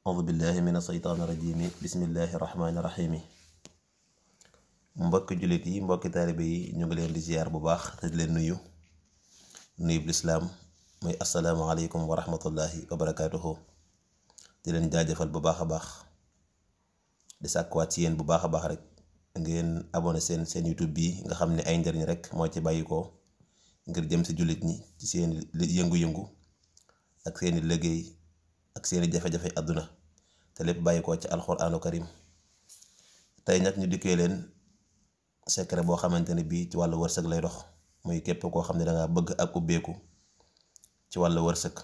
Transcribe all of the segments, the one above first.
audu billahi min asaytaani rajimi bismillahi rahmaani rahimi mbokki jullit yi mbokki taalibe yi ñu ngi leen di ziar bu baax te di leen nuyu nuyu bu islaam muy asalaamaaleykum wa rahmatullahi wa barakaatuhu di leen jaajëfal bu baax a baax di sàkkuwaat ci yéen bu baax a baax rek ngeen abonné seen seen youtube bi nga xam ne ay njëriñ rek moo ci bàyyi ko ngir jëm si jullit ñi ci seen yëngu-yëngu ak seeni liggéey ak seeni jafe-jafe àdduna te lépp bàyyi ko ci alxuraanu karim tey nag ñu dikkee leen secret boo xamante ne bii ci wàll wërsëg lay dox muy képp koo xam ne da bëgg ak ubbeeku ci wàll wërsëg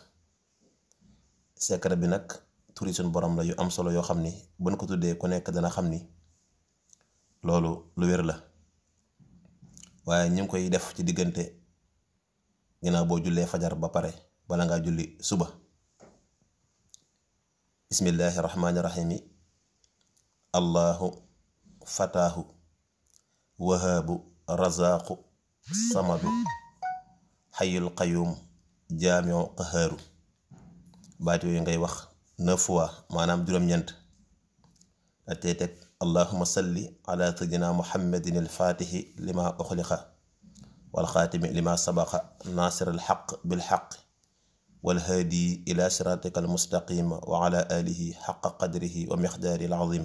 secret bi nag turi borom la yu am solo yoo xam ni buñ ko tuddee ku nekk dana xam ni loolu lu wér la waaye ñu ngi koy def ci diggante ginnaaw boo jullee fajar ba pare bala ngaa julli suba. bismillaahi rahmaani rahiimi allahu fataahu wahaabu razaaku samadu xayul qayum jaamiu qahaaru baat yooyu ngay wax neuf maanaam juróom-ñeent da tey teg allahuma salli ala sayyidina muhammadin alfaatihi lima uxliqa walxaatimi lima sabaqa naasir alxaq bilxaq والهادي إلى صراطك المستقيم وعلى آله حق قدره ومقداره العظيم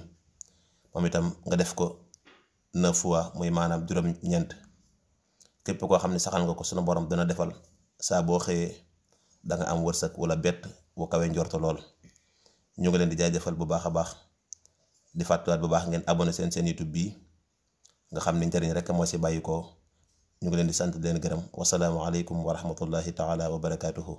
moom itam nga def ko neuf fois muy maanaam juróom-ñeent képp koo xam ne saxal nga ko sunu borom dana defal saa boo xëyee danga nga am wërsëg wala bett bu kawe njorto lool ñu ngi leen di jaajëfal bu baax a baax di fàttaliwaat bu baax ngeen abonné seen seen YouTube bi nga xam ne njëriñ rek moo si bàyyi ko ñu ngi leen di sant di leen gërëm wasalaamualeykum wa rahmatullahi taala wa barakaatuhu.